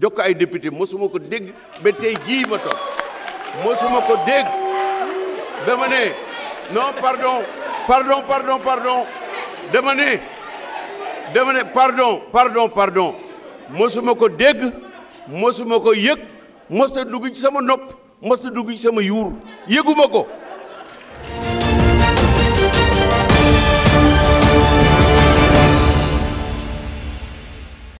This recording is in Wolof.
Je ay député mosuma ko dégg ba Je ma dégg ne non pardon pardon pardon pardon dama ne pardon pardon pardon mosuma ko dégg mosuma ko yëg je dugg sama